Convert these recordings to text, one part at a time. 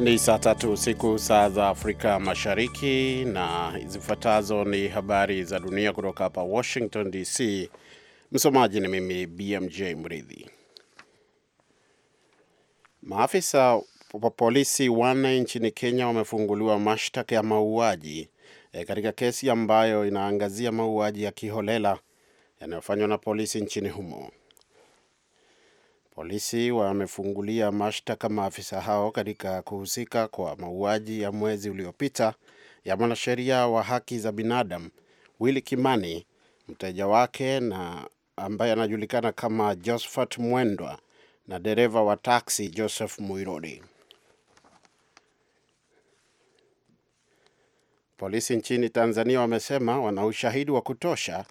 Ni saa tatu usiku saa za Afrika Mashariki, na zifuatazo ni habari za dunia kutoka hapa Washington DC. Msomaji ni mimi BMJ Mridhi. Maafisa wa polisi wanne nchini Kenya wamefunguliwa mashtaka ya mauaji e, katika kesi ambayo inaangazia mauaji ya kiholela yanayofanywa na polisi nchini humo. Polisi wamefungulia mashtaka maafisa hao katika kuhusika kwa mauaji ya mwezi uliopita ya mwanasheria wa haki za binadamu Willy Kimani, mteja wake na ambaye anajulikana kama Josephat Mwendwa na dereva wa taksi Joseph Muirodi. Polisi nchini Tanzania wamesema wana ushahidi wa kutosha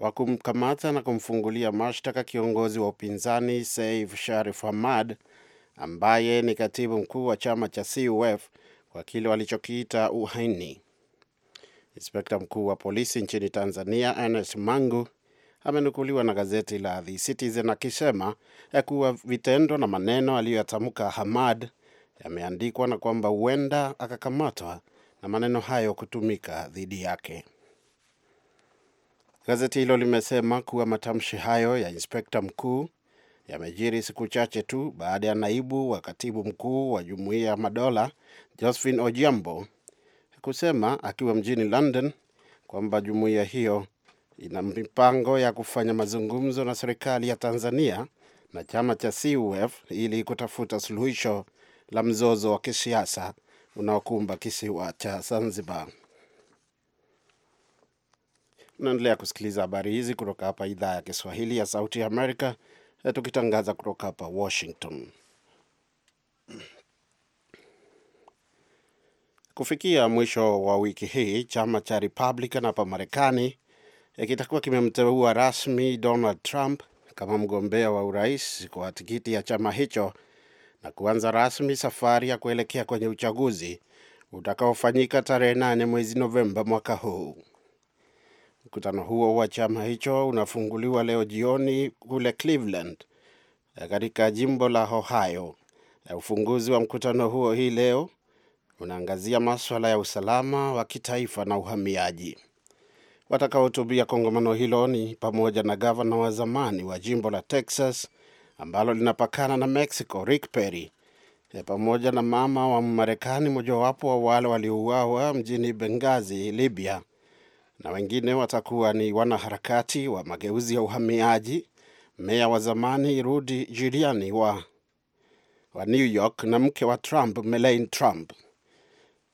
wa kumkamata na kumfungulia mashtaka kiongozi wa upinzani Saif Sharif Hamad ambaye ni katibu mkuu wa chama cha CUF kwa kile walichokiita uhaini. Inspekta mkuu wa polisi nchini Tanzania Ernest Mangu amenukuliwa na gazeti la The Citizen akisema kuwa vitendo na maneno aliyoyatamka Hamad yameandikwa na kwamba huenda akakamatwa na maneno hayo kutumika dhidi yake. Gazeti hilo limesema kuwa matamshi hayo ya inspekta mkuu yamejiri siku chache tu baada ya naibu wa katibu mkuu wa jumuiya ya madola Josephine Ojiambo kusema akiwa mjini London kwamba jumuiya hiyo ina mipango ya kufanya mazungumzo na serikali ya Tanzania na chama cha CUF ili kutafuta suluhisho la mzozo wa kisiasa unaokumba kisiwa cha Zanzibar. Unaendelea kusikiliza habari hizi kutoka hapa idhaa ya Kiswahili ya Sauti ya Amerika, tukitangaza kutoka hapa Washington. Kufikia mwisho wa wiki hii, chama cha Republican hapa Marekani eh, kitakuwa kimemteua rasmi Donald Trump kama mgombea wa urais kwa tikiti ya chama hicho na kuanza rasmi safari ya kuelekea kwenye uchaguzi utakaofanyika tarehe nane mwezi Novemba mwaka huu. Mkutano huo wa chama hicho unafunguliwa leo jioni kule Cleveland eh, katika jimbo la Ohio. Eh, ufunguzi wa mkutano huo hii leo unaangazia maswala ya usalama wa kitaifa na uhamiaji. Watakaohutubia kongamano hilo ni pamoja na gavana wa zamani wa jimbo la Texas ambalo linapakana na Mexico, Rick Perry, eh, pamoja na mama wa Marekani, mojawapo wa wale waliouawa mjini Bengazi, Libya, na wengine watakuwa ni wanaharakati wa mageuzi ya uhamiaji, meya wa zamani Rudy Giuliani wa, wa New York na mke wa Trump Melania Trump.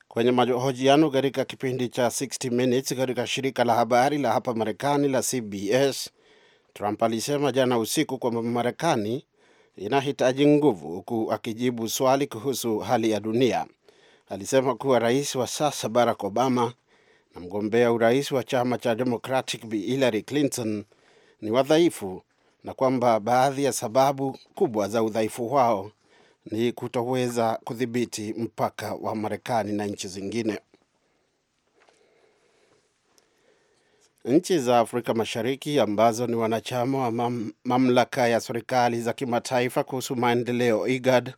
Kwenye mahojiano katika kipindi cha 60 Minutes katika shirika la habari la hapa Marekani la CBS, Trump alisema jana usiku kwamba Marekani inahitaji nguvu, huku akijibu swali kuhusu hali ya dunia. Alisema kuwa rais wa sasa Barack Obama na mgombea urais wa chama cha Democratic b Hillary Clinton ni wadhaifu na kwamba baadhi ya sababu kubwa za udhaifu wao ni kutoweza kudhibiti mpaka wa Marekani na nchi zingine. Nchi za Afrika Mashariki ambazo ni wanachama wa mam, mamlaka ya serikali za kimataifa kuhusu maendeleo IGAD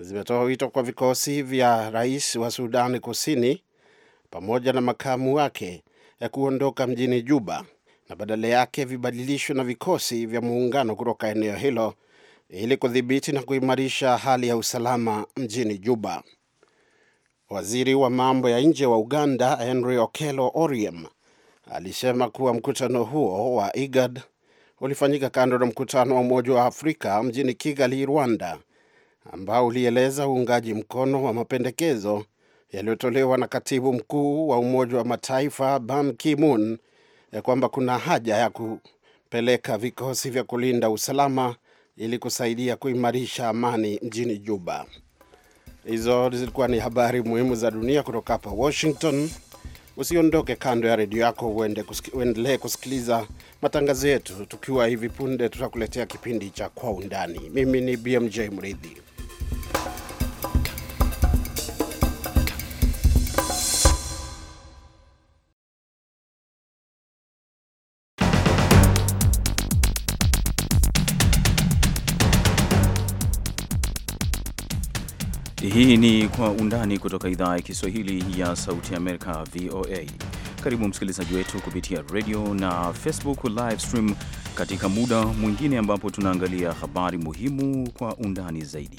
zimetoa wito kwa vikosi vya rais wa Sudani Kusini pamoja na makamu wake ya kuondoka mjini Juba na badala yake vibadilishwe na vikosi vya muungano kutoka eneo hilo ili kudhibiti na kuimarisha hali ya usalama mjini Juba. Waziri wa mambo ya nje wa Uganda Henry Okello Oryem alisema kuwa mkutano huo wa IGAD ulifanyika kando na mkutano wa Umoja wa Afrika mjini Kigali, Rwanda, ambao ulieleza uungaji mkono wa mapendekezo yaliyotolewa na katibu mkuu wa Umoja wa Mataifa Ban Ki-moon eh, kwamba kuna haja ya kupeleka vikosi vya kulinda usalama ili kusaidia kuimarisha amani mjini Juba. Hizo zilikuwa ni habari muhimu za dunia kutoka hapa Washington. Usiondoke kando ya redio yako, uendelee kusikiliza matangazo yetu. Tukiwa hivi punde, tutakuletea kipindi cha Kwa Undani. Mimi ni BMJ Mridhi. Hii ni Kwa Undani kutoka idhaa ya Kiswahili ya Sauti Amerika, VOA. Karibu msikilizaji wetu kupitia radio na Facebook live stream katika muda mwingine ambapo tunaangalia habari muhimu kwa undani zaidi.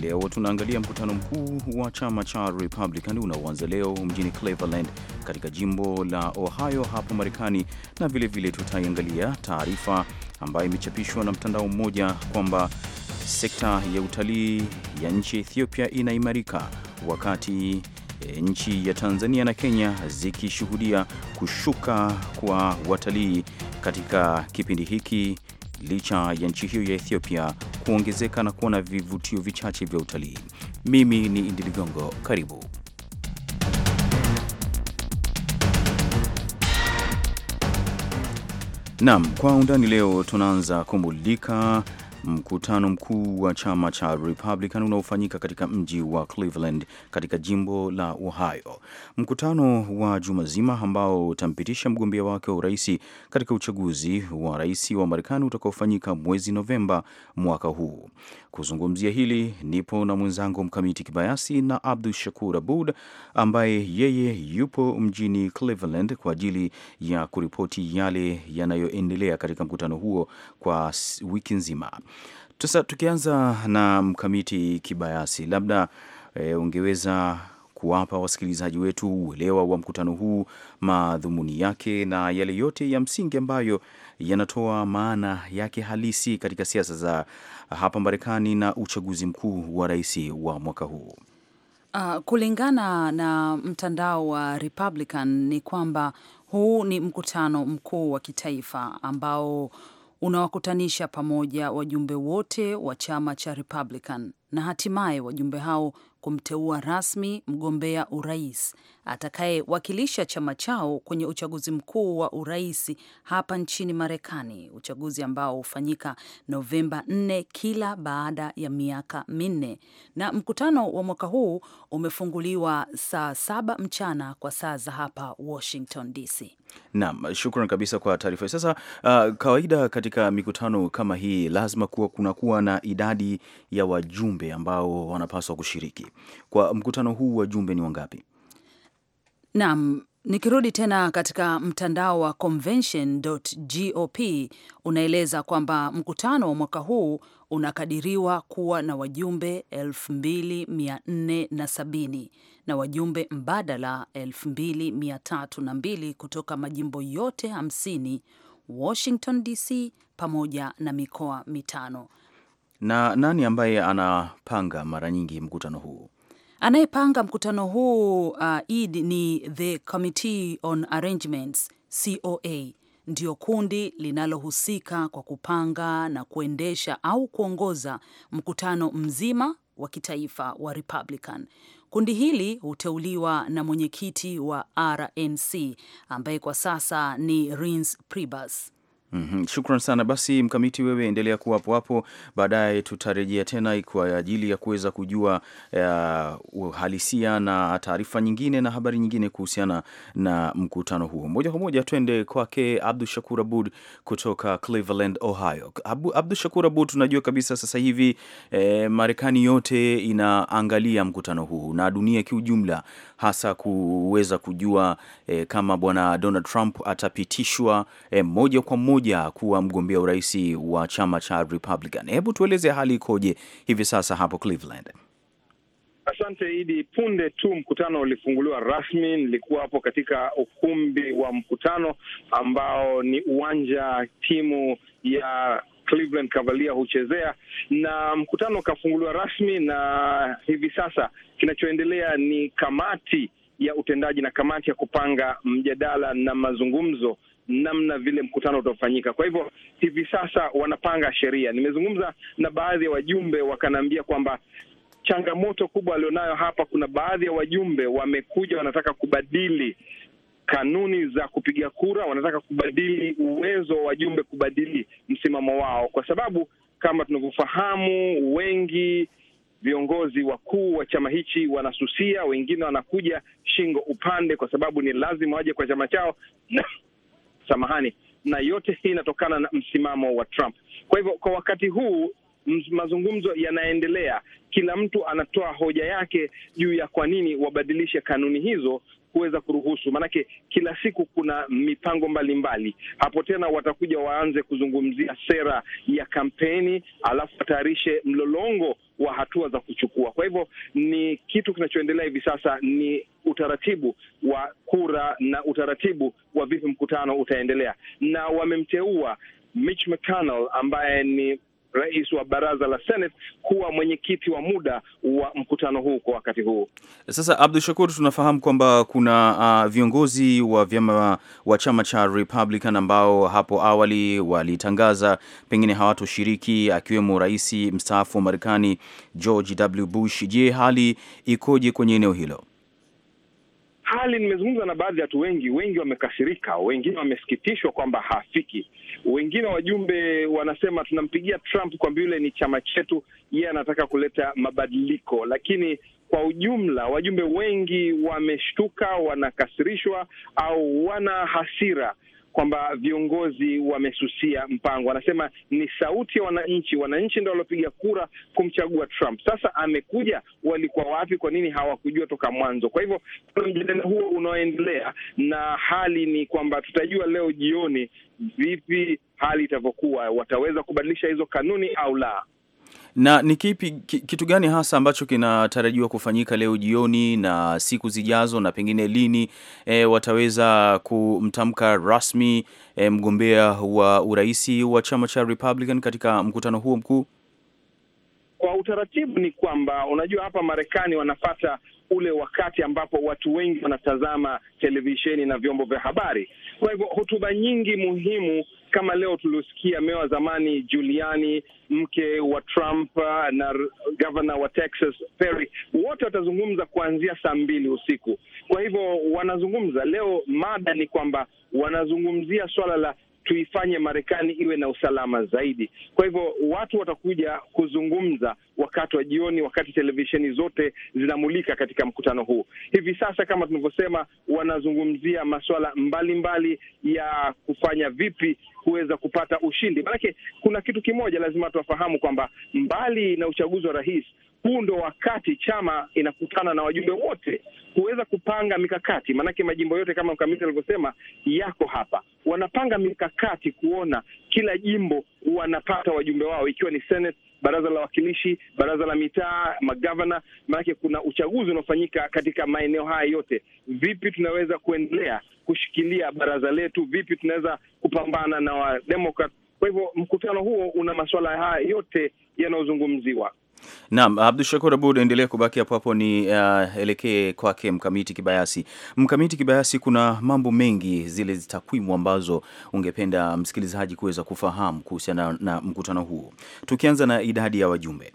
Leo tunaangalia mkutano mkuu wa chama cha Republican unaoanza leo mjini Cleveland katika jimbo la Ohio hapo Marekani, na vilevile tutaiangalia taarifa ambayo imechapishwa na mtandao mmoja kwamba Sekta ya utalii ya nchi Ethiopia inaimarika wakati e, nchi ya Tanzania na Kenya zikishuhudia kushuka kwa watalii katika kipindi hiki licha ya nchi hiyo ya Ethiopia kuongezeka na kuona vivutio vichache vya utalii. Mimi ni Idi Ligongo, karibu. Naam, kwa undani leo tunaanza kumulika Mkutano mkuu wa chama cha Republican unaofanyika katika mji wa Cleveland katika jimbo la Ohio. Mkutano wa juma zima ambao utampitisha mgombea wake wa urais katika uchaguzi wa rais wa Marekani utakaofanyika mwezi Novemba mwaka huu. Kuzungumzia hili nipo na mwenzangu Mkamiti Kibayasi na Abdu Shakur Abud ambaye yeye yupo mjini Cleveland kwa ajili ya kuripoti yale yanayoendelea katika mkutano huo kwa wiki nzima. Sasa tukianza na Mkamiti Kibayasi, labda e, ungeweza kuwapa wasikilizaji wetu uelewa wa mkutano huu, madhumuni yake na yale yote ya msingi ambayo yanatoa maana yake halisi katika siasa za hapa Marekani na uchaguzi mkuu wa rais wa mwaka huu. Uh, kulingana na mtandao wa Republican ni kwamba huu ni mkutano mkuu wa kitaifa ambao unawakutanisha pamoja wajumbe wote wa chama cha Republican na hatimaye wajumbe hao kumteua rasmi mgombea urais atakayewakilisha chama chao kwenye uchaguzi mkuu wa urais hapa nchini Marekani, uchaguzi ambao hufanyika Novemba 4 kila baada ya miaka minne. Na mkutano wa mwaka huu umefunguliwa saa saba mchana kwa saa za hapa Washington DC. Naam, shukran kabisa kwa taarifa. Sasa uh, kawaida katika mikutano kama hii lazima kuwa kunakuwa na idadi ya wajumbe ambao wanapaswa kushiriki. Kwa mkutano huu wajumbe ni wangapi? Naam, Nikirudi tena katika mtandao wa convention.gop unaeleza kwamba mkutano wa mwaka huu unakadiriwa kuwa na wajumbe 2470 na wajumbe mbadala 2302 kutoka majimbo yote 50, Washington DC pamoja na mikoa mitano. Na nani ambaye anapanga mara nyingi mkutano huu? Anayepanga mkutano huu uh, Eid ni the Committee on Arrangements COA ndio kundi linalohusika kwa kupanga na kuendesha au kuongoza mkutano mzima wa kitaifa wa Republican. Kundi hili huteuliwa na mwenyekiti wa RNC ambaye kwa sasa ni Reince Priebus. Mm -hmm. Shukran sana basi, mkamiti wewe endelea kuwa hapo hapo, baadaye tutarejea tena kwa ajili ya kuweza kujua eh, uhalisia uh, na taarifa nyingine na habari nyingine kuhusiana na mkutano huo. Moja kwa moja twende kwake Abdu Shakur Abud kutoka Cleveland, Ohio. Abdu Shakur Abud, tunajua kabisa sasa hivi eh, Marekani yote inaangalia mkutano huu na dunia kiujumla, hasa kuweza kujua eh, kama bwana Donald Trump atapitishwa eh, moja kwa moja kuwa mgombea urais wa chama cha Republican. Hebu tueleze hali ikoje hivi sasa hapo Cleveland? Asante Idi. Punde tu mkutano ulifunguliwa rasmi, nilikuwa hapo katika ukumbi wa mkutano ambao ni uwanja timu ya Cleveland Cavalier huchezea, na mkutano ukafunguliwa rasmi, na hivi sasa kinachoendelea ni kamati ya utendaji na kamati ya kupanga mjadala na mazungumzo namna vile mkutano utafanyika. Kwa hivyo hivi sasa wanapanga sheria. Nimezungumza na baadhi ya wajumbe, wakanaambia kwamba changamoto kubwa walionayo hapa, kuna baadhi ya wajumbe wamekuja wanataka kubadili kanuni za kupiga kura, wanataka kubadili uwezo wa wajumbe kubadili msimamo wao, kwa sababu kama tunavyofahamu, wengi viongozi wakuu wa chama hichi wanasusia, wengine wanakuja shingo upande, kwa sababu ni lazima waje kwa chama chao samahani, na yote hii inatokana na msimamo wa Trump. Kwa hivyo kwa wakati huu mazungumzo yanaendelea, kila mtu anatoa hoja yake juu ya kwa nini wabadilishe kanuni hizo kuweza kuruhusu, maanake kila siku kuna mipango mbalimbali hapo. Tena watakuja waanze kuzungumzia sera ya kampeni, alafu watayarishe mlolongo wa hatua za kuchukua. Kwa hivyo ni kitu kinachoendelea hivi sasa, ni utaratibu wa kura na utaratibu wa vipi mkutano utaendelea, na wamemteua Mitch McConnell ambaye ni rais wa baraza la Senate kuwa mwenyekiti wa muda wa mkutano huu kwa wakati huu. Sasa abdu Shakur, tunafahamu kwamba kuna uh, viongozi wa vyama wa chama cha Republican ambao hapo awali walitangaza pengine hawatoshiriki akiwemo rais mstaafu wa Marekani George W. Bush. Je, hali ikoje kwenye eneo hilo? hali, nimezungumza na baadhi ya watu wengi, wengi wamekasirika, wengine wamesikitishwa kwamba hafiki, wengine wajumbe wanasema tunampigia Trump kwamba yule ni chama chetu, yeye anataka kuleta mabadiliko, lakini kwa ujumla wajumbe wengi wameshtuka, wanakasirishwa au wana hasira kwamba viongozi wamesusia mpango. Anasema ni sauti ya wananchi, wananchi ndo waliopiga kura kumchagua Trump. Sasa amekuja, walikuwa wapi? Kwa nini hawakujua toka mwanzo? Kwa hivyo kuna mjadala huo unaoendelea, na hali ni kwamba tutajua leo jioni vipi hali itavyokuwa, wataweza kubadilisha hizo kanuni au la. Na ni kipi kitu gani hasa ambacho kinatarajiwa kufanyika leo jioni na siku zijazo, na pengine lini e, wataweza kumtamka rasmi e, mgombea wa urais wa chama cha Republican katika mkutano huo mkuu? Kwa utaratibu ni kwamba unajua, hapa Marekani wanapata ule wakati ambapo watu wengi wanatazama televisheni na vyombo vya habari. Kwa hivyo hotuba nyingi muhimu kama leo tuliosikia mewa zamani Giuliani, mke wa Trump uh, na gavana wa Texas Perry, wote watazungumza kuanzia saa mbili usiku. Kwa hivyo wanazungumza leo, mada ni kwamba wanazungumzia swala la tuifanye Marekani iwe na usalama zaidi. Kwa hivyo watu watakuja kuzungumza wakati wa jioni, wakati televisheni zote zinamulika katika mkutano huu. Hivi sasa kama tunavyosema, wanazungumzia masuala mbalimbali ya kufanya vipi kuweza kupata ushindi, maanake kuna kitu kimoja lazima tuwafahamu kwamba mbali na uchaguzi wa rais huu ndo wakati chama inakutana na wajumbe wote kuweza kupanga mikakati, maanake majimbo yote kama mkamiti alivyosema yako hapa. Wanapanga mikakati kuona kila jimbo wanapata wajumbe wao, ikiwa ni Senate, baraza la wakilishi baraza la mitaa, magavana. Maanake kuna uchaguzi unaofanyika katika maeneo haya yote. Vipi tunaweza kuendelea kushikilia baraza letu? Vipi tunaweza kupambana na Wademokrat? Kwa hivyo mkutano huo una masuala haya yote yanayozungumziwa. Naam, Abdu Shakur Abud, endelea kubaki hapo hapo, ni uh, eh, elekee kwake Mkamiti Kibayasi. Mkamiti Kibayasi, kuna mambo mengi, zile takwimu ambazo ungependa msikilizaji kuweza kufahamu kuhusiana na mkutano huo, tukianza na idadi ya wajumbe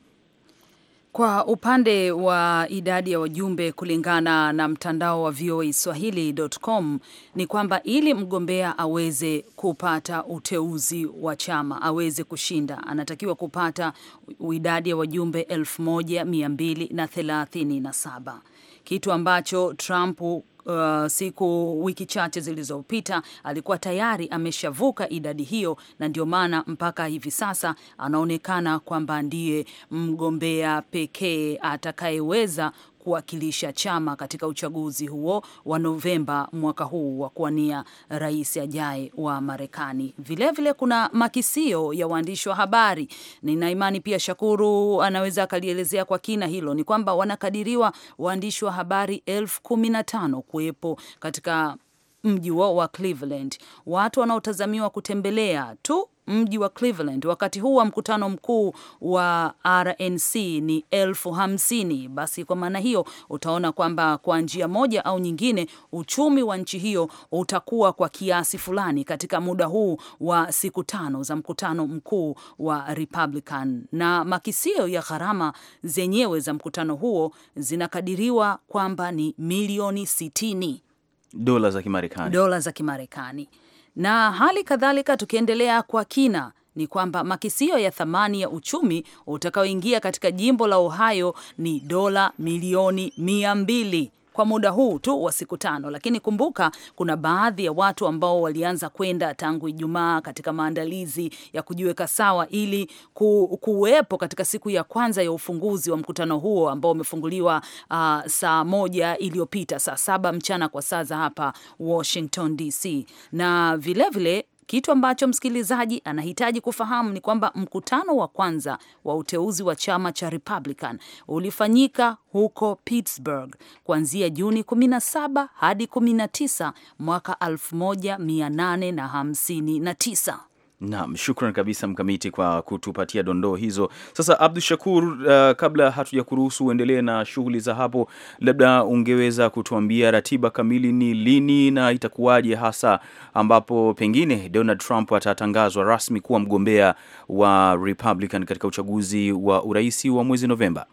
kwa upande wa idadi ya wajumbe kulingana na mtandao wa VOA Swahili.com ni kwamba ili mgombea aweze kupata uteuzi wa chama aweze kushinda, anatakiwa kupata idadi ya wajumbe 1237 kitu ambacho Trump uh, siku wiki chache zilizopita alikuwa tayari ameshavuka idadi hiyo, na ndio maana mpaka hivi sasa anaonekana kwamba ndiye mgombea pekee atakayeweza kuwakilisha chama katika uchaguzi huo wa Novemba mwaka huu wa kuwania rais ajaye wa Marekani. Vilevile kuna makisio ya waandishi wa habari, nina imani pia Shakuru anaweza akalielezea kwa kina hilo, ni kwamba wanakadiriwa waandishi wa habari elfu kumi na tano kuwepo katika mji wao wa Cleveland. Watu wanaotazamiwa kutembelea tu mji wa Cleveland. Wakati huu wa mkutano mkuu wa RNC ni elfu hamsini. Basi kwa maana hiyo utaona kwamba kwa njia moja au nyingine uchumi wa nchi hiyo utakuwa kwa kiasi fulani katika muda huu wa siku tano za mkutano mkuu wa Republican, na makisio ya gharama zenyewe za mkutano huo zinakadiriwa kwamba ni milioni sitini dola za Kimarekani, dola za Kimarekani. Na hali kadhalika tukiendelea kwa kina ni kwamba makisio ya thamani ya uchumi utakaoingia katika jimbo la Ohio ni dola milioni mia mbili kwa muda huu tu wa siku tano, lakini kumbuka kuna baadhi ya watu ambao walianza kwenda tangu Ijumaa katika maandalizi ya kujiweka sawa ili ku, kuwepo katika siku ya kwanza ya ufunguzi wa mkutano huo ambao umefunguliwa uh, saa moja iliyopita saa saba mchana kwa saa za hapa Washington DC, na vilevile vile, kitu ambacho msikilizaji anahitaji kufahamu ni kwamba mkutano wa kwanza wa uteuzi wa chama cha Republican ulifanyika huko Pittsburgh kuanzia Juni 17 hadi 19 mwaka 1859. Naam, shukran kabisa Mkamiti kwa kutupatia dondoo hizo. Sasa Abdu Shakur, uh, kabla hatuja kuruhusu uendelee na shughuli za hapo, labda ungeweza kutuambia ratiba kamili ni lini na itakuwaje hasa ambapo pengine Donald Trump atatangazwa rasmi kuwa mgombea wa Republican katika uchaguzi wa urais wa mwezi Novemba?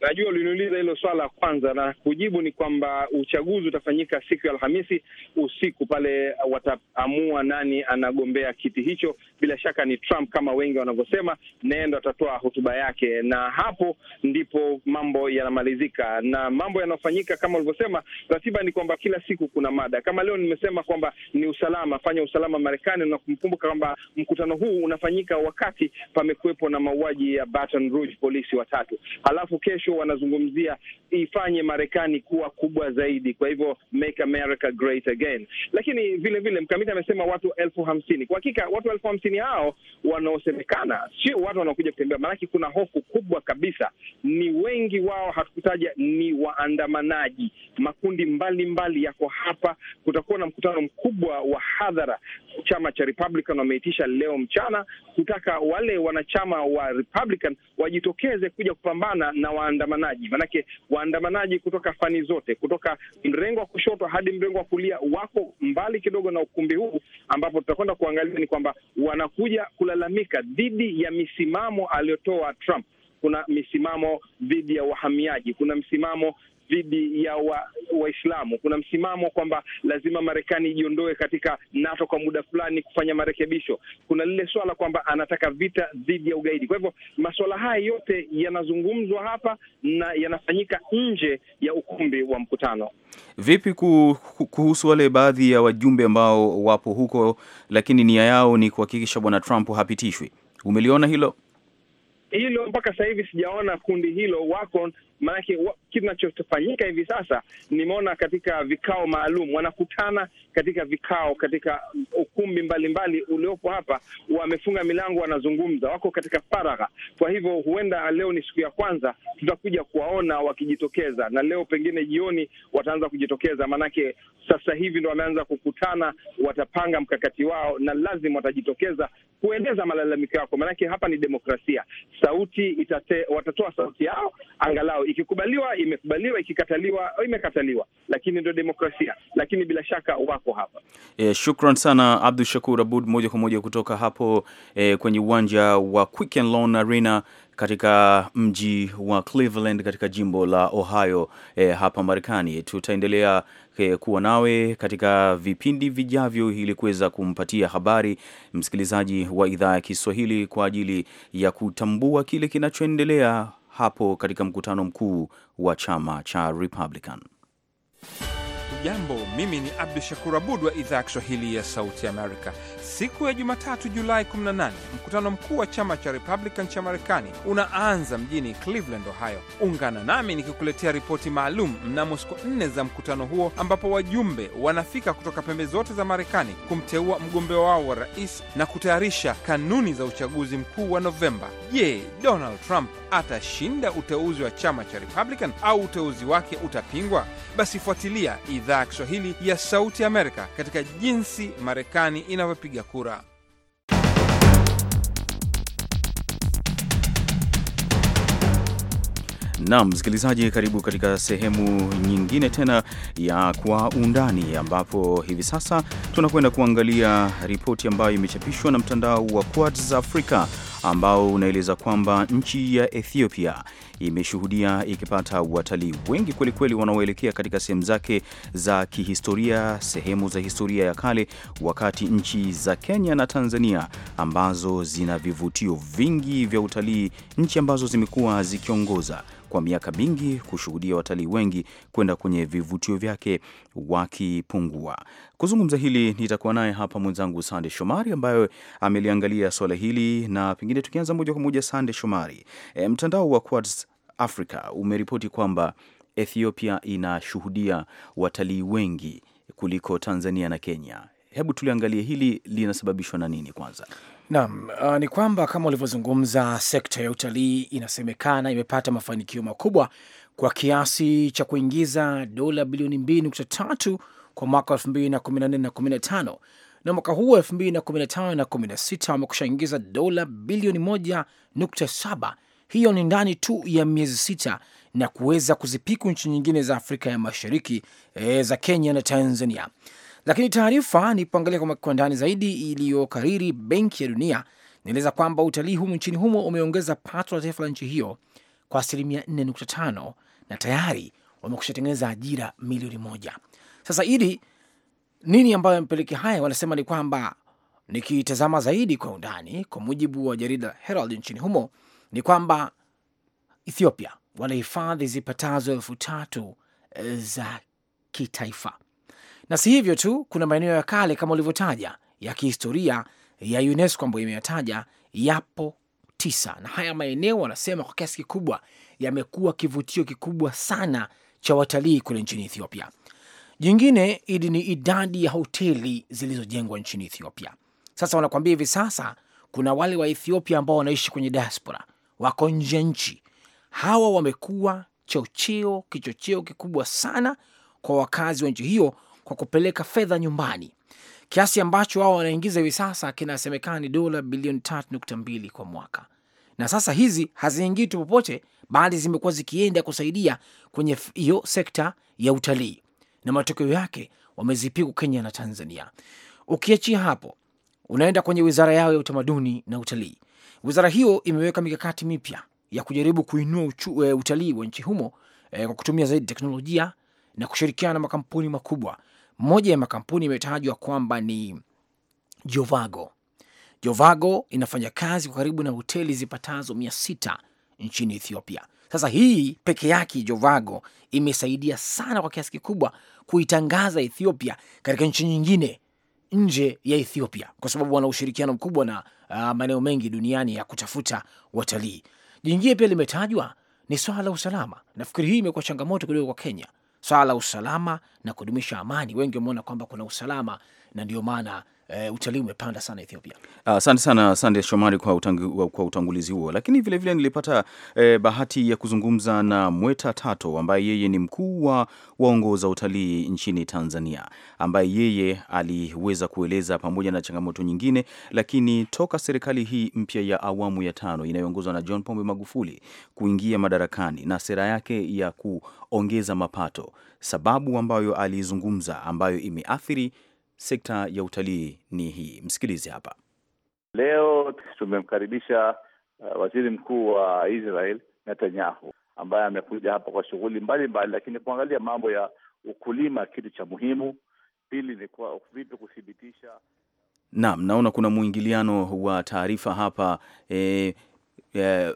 Najua uliniuliza hilo swala la kwanza, na kujibu ni kwamba uchaguzi utafanyika siku ya Alhamisi usiku, pale wataamua nani anagombea kiti hicho. Bila shaka ni Trump kama wengi wanavyosema, naye ndo atatoa hotuba yake, na hapo ndipo mambo yanamalizika. Na mambo yanayofanyika kama ulivyosema, ratiba ni kwamba kila siku kuna mada. Kama leo nimesema kwamba ni usalama, fanya usalama Marekani, na kumkumbuka kwamba mkutano huu unafanyika wakati pamekuwepo na mauaji ya Baton Rouge, polisi watatu. Halafu kesho ambacho wanazungumzia ifanye Marekani kuwa kubwa zaidi, kwa hivyo make America great again. Lakini vile vile mkamiti amesema watu elfu hamsini. Kwa hakika watu elfu hamsini hao wanaosemekana sio watu wanaokuja kutembea, maanake kuna hofu kubwa kabisa. Ni wengi wao, hatukutaja ni waandamanaji, makundi mbalimbali yako hapa. Kutakuwa na mkutano mkubwa wa hadhara, chama cha Republican wameitisha leo mchana, kutaka wale wanachama wa Republican wajitokeze kuja kupambana na waandamanaji waandamanaji, manake waandamanaji kutoka fani zote, kutoka mrengo wa kushoto hadi mrengo wa kulia, wako mbali kidogo na ukumbi huu, ambapo tutakwenda kuangalia ni kwamba wanakuja kulalamika dhidi ya misimamo aliyotoa Trump. Kuna misimamo dhidi ya wahamiaji, kuna msimamo dhidi ya Waislamu wa kuna msimamo kwamba lazima Marekani ijiondoe katika NATO kwa muda fulani kufanya marekebisho. Kuna lile swala kwamba anataka vita dhidi ya ugaidi. Kwa hivyo masuala haya yote yanazungumzwa hapa na yanafanyika nje ya ukumbi wa mkutano. Vipi kuhusu wale baadhi ya wajumbe ambao wapo huko, lakini nia yao ni kuhakikisha bwana Trump hapitishwi? Umeliona hilo? Hilo mpaka sasa hivi sijaona kundi hilo, wako Maanake kitu kinachofanyika hivi sasa, nimeona katika vikao maalum, wanakutana katika vikao katika ukumbi mbalimbali uliopo hapa, wamefunga milango, wanazungumza, wako katika faragha. Kwa hivyo, huenda leo ni siku ya kwanza, tutakuja kuwaona wakijitokeza, na leo pengine jioni wataanza kujitokeza, maanake sasa hivi ndo wameanza kukutana, watapanga mkakati wao na lazima watajitokeza kueleza malalamiko yako, maanake hapa ni demokrasia. Sauti itate, watatoa sauti yao angalau ikikubaliwa imekubaliwa, ikikataliwa imekataliwa, lakini ndio demokrasia. Lakini bila shaka wako hapa. E, shukran sana Abdu Shakur Abud, moja kwa moja kutoka hapo e, kwenye uwanja wa and Loan Arena katika mji wa Cleveland katika jimbo la Ohio e, hapa Marekani. Tutaendelea e, kuwa nawe katika vipindi vijavyo ili kuweza kumpatia habari msikilizaji wa idhaa ya Kiswahili kwa ajili ya kutambua kile kinachoendelea hapo katika mkutano mkuu wa chama cha Republican. Jambo, mimi ni Abdu Shakur Abud wa idhaa ya Kiswahili ya Sauti Amerika. Siku ya Jumatatu, Julai 18, mkutano mkuu wa chama cha Republican cha Marekani unaanza mjini Cleveland, Ohio. Ungana nami nikikuletea ripoti maalum mnamo siku nne za mkutano huo, ambapo wajumbe wanafika kutoka pembe zote za Marekani kumteua mgombea wao wa rais na kutayarisha kanuni za uchaguzi mkuu wa Novemba. Je, Donald Trump atashinda uteuzi wa chama cha Republican au uteuzi wake utapingwa? Basi fuatilia idhaa ya Kiswahili ya Sauti Amerika katika jinsi Marekani inavyopiga kupiga kura. Naam, msikilizaji, karibu katika sehemu nyingine tena ya Kwa Undani, ambapo hivi sasa tunakwenda kuangalia ripoti ambayo imechapishwa na mtandao wa Quartz Africa ambao unaeleza kwamba nchi ya Ethiopia imeshuhudia ikipata watalii wengi kwelikweli wanaoelekea katika sehemu zake za kihistoria, sehemu za historia ya kale, wakati nchi za Kenya na Tanzania ambazo zina vivutio vingi vya utalii, nchi ambazo zimekuwa zikiongoza kwa miaka mingi kushuhudia watalii wengi kwenda kwenye vivutio vyake wakipungua. Kuzungumza hili nitakuwa naye hapa mwenzangu Sande Shomari ambayo ameliangalia swala hili, na pengine tukianza moja kwa moja, Sande Shomari, e, mtandao wa Quartz Africa umeripoti kwamba Ethiopia inashuhudia watalii wengi kuliko Tanzania na Kenya. Hebu tuliangalie hili linasababishwa na nini kwanza? Naam, uh, ni kwamba kama ulivyozungumza, sekta ya utalii inasemekana imepata mafanikio makubwa kwa kiasi cha kuingiza dola bilioni 2.3 kwa mwaka elfu na kumi na na mwaka huu wa mbili na kumi wamekushaingiza dola bilioni 1.7. hiyo ni ndani tu ya miezi sita na kuweza kuzipiku nchi nyingine za Afrika ya Mashariki e, za Kenya na Tanzania. Lakini taarifa ni kuangalia kwa ndani zaidi iliyokariri Benki ya Dunia inaeleza kwamba utalii humu nchini humo umeongeza pato la taifa la nchi hiyo kwa asilimia 4.5 na tayari wamekusha tengeneza ajira milioni moja. Sasa ili nini ambayo amepelekea haya, wanasema ni kwamba nikitazama zaidi kwa undani, kwa mujibu wa jarida Herald nchini humo ni kwamba Ethiopia wana hifadhi zipatazo elfu tatu eh, za kitaifa na si hivyo tu, kuna maeneo ya kale kama ulivyotaja ya kihistoria ya UNESCO ambayo imeyataja yapo tisa, na haya maeneo wanasema kwa kiasi kikubwa yamekuwa kivutio kikubwa sana cha watalii kule nchini Ethiopia. Jingine ili ni idadi ya hoteli zilizojengwa nchini Ethiopia. Sasa wanakuambia hivi sasa kuna wale wa Ethiopia ambao wanaishi kwenye diaspora, wako nje ya nchi. Hawa wamekuwa chocheo, kichocheo kikubwa sana kwa wakazi wa nchi hiyo kwa kupeleka fedha nyumbani, kiasi ambacho wao wanaingiza hivi sasa kinasemekana ni dola bilioni mbili kwa mwaka. Na sasa hizi haziingii tu popote, bali zimekuwa zikienda kusaidia kwenye hiyo sekta ya utalii, na matokeo yake wamezipigwa Kenya na Tanzania. Ukiachia hapo, unaenda kwenye wizara yao ya utamaduni na utalii. Wizara hiyo imeweka mikakati mipya ya kujaribu kuinua eh, utalii wa nchi humo e, kwa kutumia zaidi teknolojia na kushirikiana na makampuni makubwa moja ya makampuni imetajwa kwamba ni Jovago. Jovago inafanya kazi kwa karibu na hoteli zipatazo mia sita nchini Ethiopia. Sasa hii peke yake Jovago imesaidia sana kwa kiasi kikubwa kuitangaza Ethiopia katika nchi nyingine nje ya Ethiopia, kwa sababu wana ushirikiano mkubwa na uh, maeneo mengi duniani ya kutafuta watalii. Jingine pia limetajwa ni swala la usalama. Nafikiri hii imekuwa changamoto kidogo kwa Kenya, swala la usalama na kudumisha amani. Wengi wameona kwamba kuna usalama na ndio maana uh, utalii umepanda sana Ethiopia. Ah, asante sana Sande Shomari kwa, utangu, kwa utangulizi huo, lakini vilevile vile nilipata e, bahati ya kuzungumza na Mweta Tato ambaye yeye ni mkuu wa waongoza utalii nchini Tanzania, ambaye yeye aliweza kueleza pamoja na changamoto nyingine, lakini toka serikali hii mpya ya awamu ya tano inayoongozwa na John Pombe Magufuli kuingia madarakani na sera yake ya kuongeza mapato, sababu ambayo alizungumza ambayo imeathiri sekta ya utalii ni hii. Msikilize hapa. Leo tumemkaribisha uh, waziri mkuu wa Israel Netanyahu ambaye amekuja hapa kwa shughuli mbalimbali, lakini kuangalia mambo ya ukulima, kitu cha muhimu. Pili ni kwa vipi kuthibitisha Naam, naona kuna mwingiliano wa taarifa hapa e, eh,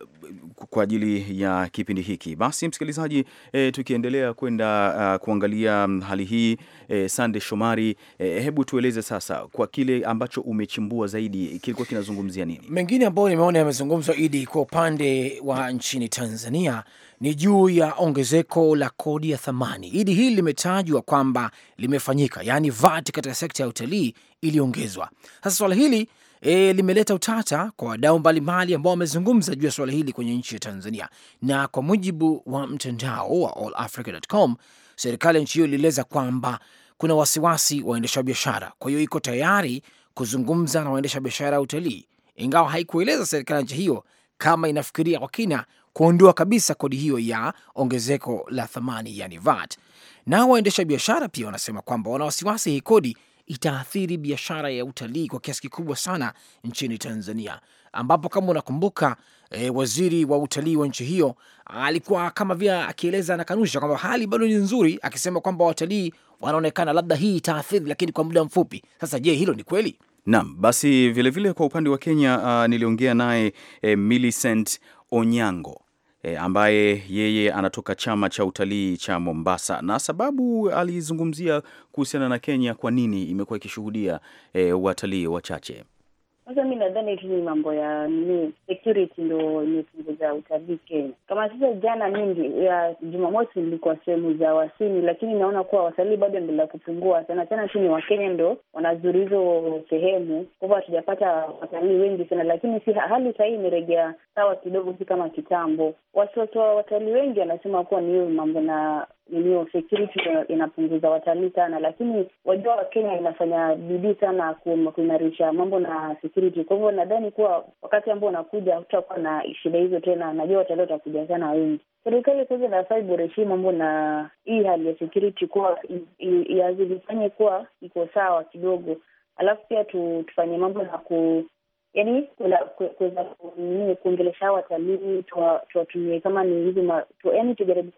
kwa ajili ya kipindi hiki. Basi msikilizaji, eh, tukiendelea kwenda uh, kuangalia mm, hali hii eh, Sande Shomari, eh, hebu tueleze sasa kwa kile ambacho umechimbua zaidi, kilikuwa kinazungumzia nini? Mengine ambayo nimeona yamezungumzwa Idi, kwa upande wa nchini Tanzania ni juu ya ongezeko la kodi ya thamani. Idi, hili limetajwa kwamba limefanyika, yaani VAT katika sekta ya utalii iliongezwa. Sasa swala hili e, limeleta utata kwa wadau mbalimbali ambao wamezungumza juu ya suala hili kwenye nchi ya Tanzania. Na kwa mujibu wa mtandao wa allafrica.com, serikali ya nchi hiyo ilieleza kwamba kuna wasiwasi wa waendesha biashara, kwa hiyo iko tayari kuzungumza na waendesha biashara ya utalii, ingawa haikueleza serikali ya nchi hiyo kama inafikiria kwa kina kuondoa kabisa kodi hiyo ya ongezeko la thamani yani VAT. Nao waendesha biashara pia wanasema kwamba wana wasiwasi hii kodi itaathiri biashara ya utalii kwa kiasi kikubwa sana nchini Tanzania, ambapo kama unakumbuka e, waziri wa utalii wa nchi hiyo alikuwa kama vile akieleza na kanusha kwamba hali bado ni nzuri, akisema kwamba watalii wanaonekana labda hii itaathiri, lakini kwa muda mfupi. Sasa je, hilo ni kweli? Naam, basi vilevile vile kwa upande wa Kenya, uh, niliongea naye eh, Millicent Onyango e, ambaye yeye anatoka chama cha utalii cha Mombasa, na sababu alizungumzia kuhusiana na Kenya, kwa nini imekuwa ikishuhudia e, watalii wachache. Sasa mi nadhani tu ni mambo ya nini, security ndo imepunguza utalii Kenya. Kama sasa jana mingi ya Jumamosi nilikuwa sehemu za Wasini, lakini naona kuwa watalii bado endelea kupungua sana sana. Tu ni Wakenya ndo wanazuri hizo sehemu, kwa hivyo hatujapata watalii wengi sana, lakini si hali sahii imeregea sawa kidogo, si kama kitambo. Watoto wa watalii wengi wanasema kuwa ni hiyo mambo na nilio security inapunguza watalii sana, lakini wajua kenya inafanya bidii sana kuimarisha mambo na security. Kwa hivyo nadhani kuwa wakati ambao unakuja hutakuwa na shida hizo tena. Najua watalii watakuja sana wengi. Serikali sasa inafaa iboreshe mambo na hii hali ya security, kuwa yazilifanye kuwa iko sawa kidogo, alafu pia tu, tufanye mambo na ku yani kuweza kuongelesha watalii, tuwatumie kama ni hizi, yani tujaribu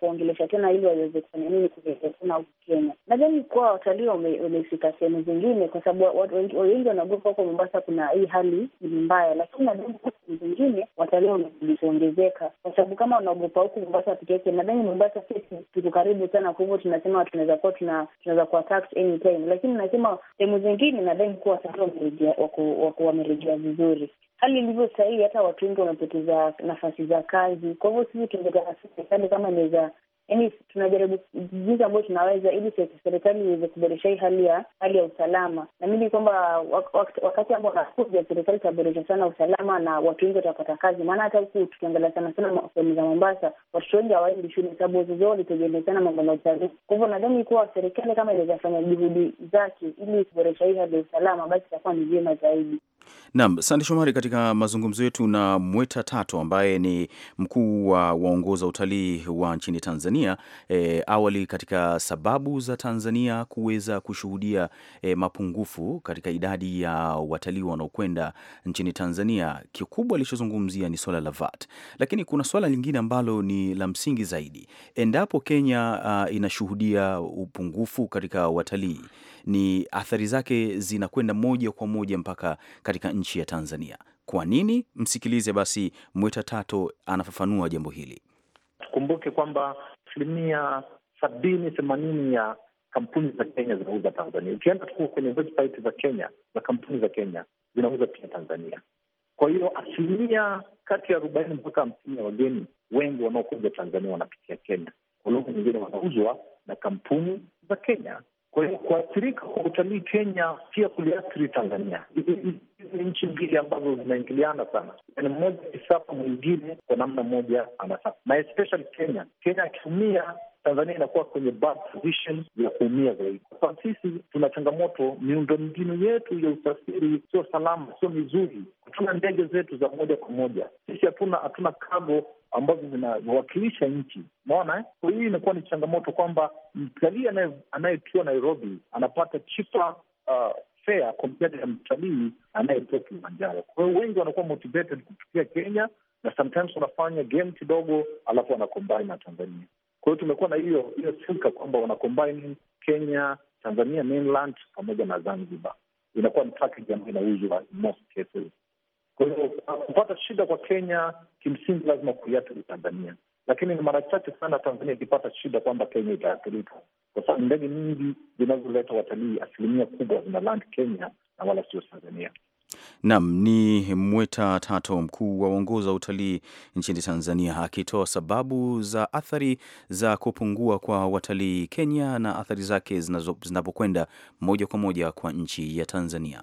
kuongelesha tena ili waweze kufanya nini kuelekea tena huku Kenya. Nadhani kuwa watalii wamefika sehemu zingine, kwa sababu wengi wanaogopa huko Mombasa kuna hii hali ni mbaya, lakini nadhani sehemu zingine watalii kuongezeka, kwa sababu kama wanaogopa huku Mombasa peke yake, nadhani Mombasa sisi tuko karibu sana, kwa hivyo tunasema tunaweza kuwa tunaweza kuwa tax anytime, lakini nasema sehemu zingine nadhani kuwa watalii wamerejea wako wamerejea kujiajiriwa vizuri. Hali ilivyo saa hii, hata watu wengi wanapoteza nafasi za kazi. Kwa hivyo sisi tungetaka serikali kama inaweza yaani, tunajaribu jinsi ambayo tunaweza ili serikali iweze kuboresha hii hali ya hali ya usalama. Naamini kwamba wakati ambao nakuja serikali itaboresha sana usalama na watu wengi watapata kazi, maana hata huku tukiangalia sana sana sehemu za Mombasa, watoto wengi hawaendi shule sababu wazazi wao walitegemea sana mambo na utalii. Kwa hivyo nadhani kuwa serikali kama inaweza fanya juhudi zake ili kuboresha hii hali ya usalama, basi itakuwa ni vyema zaidi nam Sande Shomari, katika mazungumzo yetu na Mweta Tato ambaye ni mkuu wa waongoza utalii wa nchini Tanzania. E, awali katika sababu za Tanzania kuweza kushuhudia e, mapungufu katika idadi ya watalii wanaokwenda nchini Tanzania, kikubwa alichozungumzia ni swala la VAT, lakini kuna swala lingine ambalo ni la msingi zaidi. Endapo Kenya a, inashuhudia upungufu katika watalii ni athari zake zinakwenda moja kwa moja mpaka katika nchi ya Tanzania. Kwa nini? Msikilize basi Mweta Tato anafafanua jambo hili. Tukumbuke kwamba asilimia sabini themanini ya kampuni za Kenya zinauza Tanzania. Ukienda tu kwenye website za Kenya za kampuni za Kenya zinauza pia Tanzania. Kwa hiyo asilimia kati ya arobaini mpaka hamsini ya wageni wengi wanaokuja Tanzania wanapitia Kenya, kwa lugha nyingine, wanauzwa na kampuni za Kenya. Kwa hiyo kuathirika kwa utalii Kenya pia kuliathiri Tanzania. Ni nchi mbili ambazo zinaingiliana sana, yaani mmoja kisapa mwingine kwa namna moja anasapa, na especially Kenya. Kenya akitumia Tanzania inakuwa kwenye bad position ya kuumia zaidi. Sasa sisi tuna changamoto, miundombinu yetu ya usafiri sio salama, sio mizuri. Hatuna ndege zetu za moja kwa moja, sisi hatuna hatuna ambazo zinawakilisha nchi. Unaona, hii imekuwa ni changamoto kwamba mtalii anayetua Nairobi anapata chipa uh, fea compared ya mtalii anayetua Kilimanjaro. Kwa hiyo wengi wanakuwa motivated kupitia Kenya na sometimes wanafanya game kidogo, alafu wanacombine na Tanzania. Kwa hiyo tumekuwa na hiyo hiyo silka kwamba wanacombine Kenya, Tanzania mainland pamoja na Zanzibar, inakuwa ni package ambayo inauzwa most cases. Kwa hivyo uh, kupata shida kwa Kenya kimsingi lazima kuiathiri Tanzania, lakini ni mara chache sana Tanzania ikipata shida kwamba Kenya itaathirika, kwa sababu ndege nyingi zinazoleta watalii asilimia kubwa zina land Kenya na wala sio Tanzania. Nam ni Mweta Tato, mkuu wa uongozi wa utalii nchini Tanzania, akitoa sababu za athari za kupungua kwa watalii Kenya na athari zake zinapokwenda moja kwa moja kwa nchi ya Tanzania.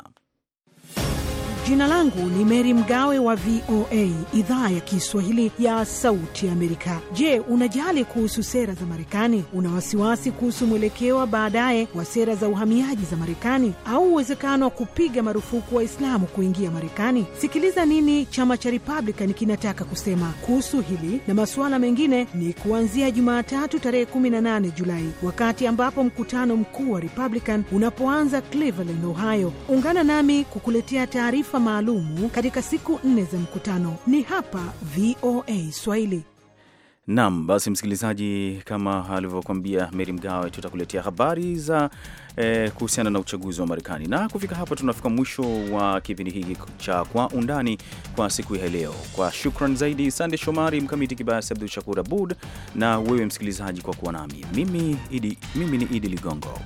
Jina langu ni Meri Mgawe wa VOA idhaa ya Kiswahili ya Sauti Amerika. Je, unajali kuhusu sera za Marekani? Una wasiwasi kuhusu mwelekeo wa baadaye wa sera za uhamiaji za Marekani au uwezekano wa kupiga marufuku Waislamu kuingia Marekani? Sikiliza nini chama cha Republican kinataka kusema kuhusu hili na masuala mengine, ni kuanzia Jumatatu tarehe 18 Julai, wakati ambapo mkutano mkuu wa Republican unapoanza Cleveland, Ohio. Ungana nami kukuletea taarifa maalumu katika siku nne za mkutano. Ni hapa VOA Swahili. Naam, basi msikilizaji, kama alivyokuambia Meri Mgawe, tutakuletea habari za eh, kuhusiana na uchaguzi wa Marekani. Na kufika hapa, tunafika mwisho wa kipindi hiki cha Kwa Undani kwa siku ya leo. Kwa shukran zaidi Sande Shomari, Mkamiti Kibayasi, Abdul Shakur Abud na wewe msikilizaji kwa kuwa nami. Mimi, Idi, mimi ni Idi Ligongo.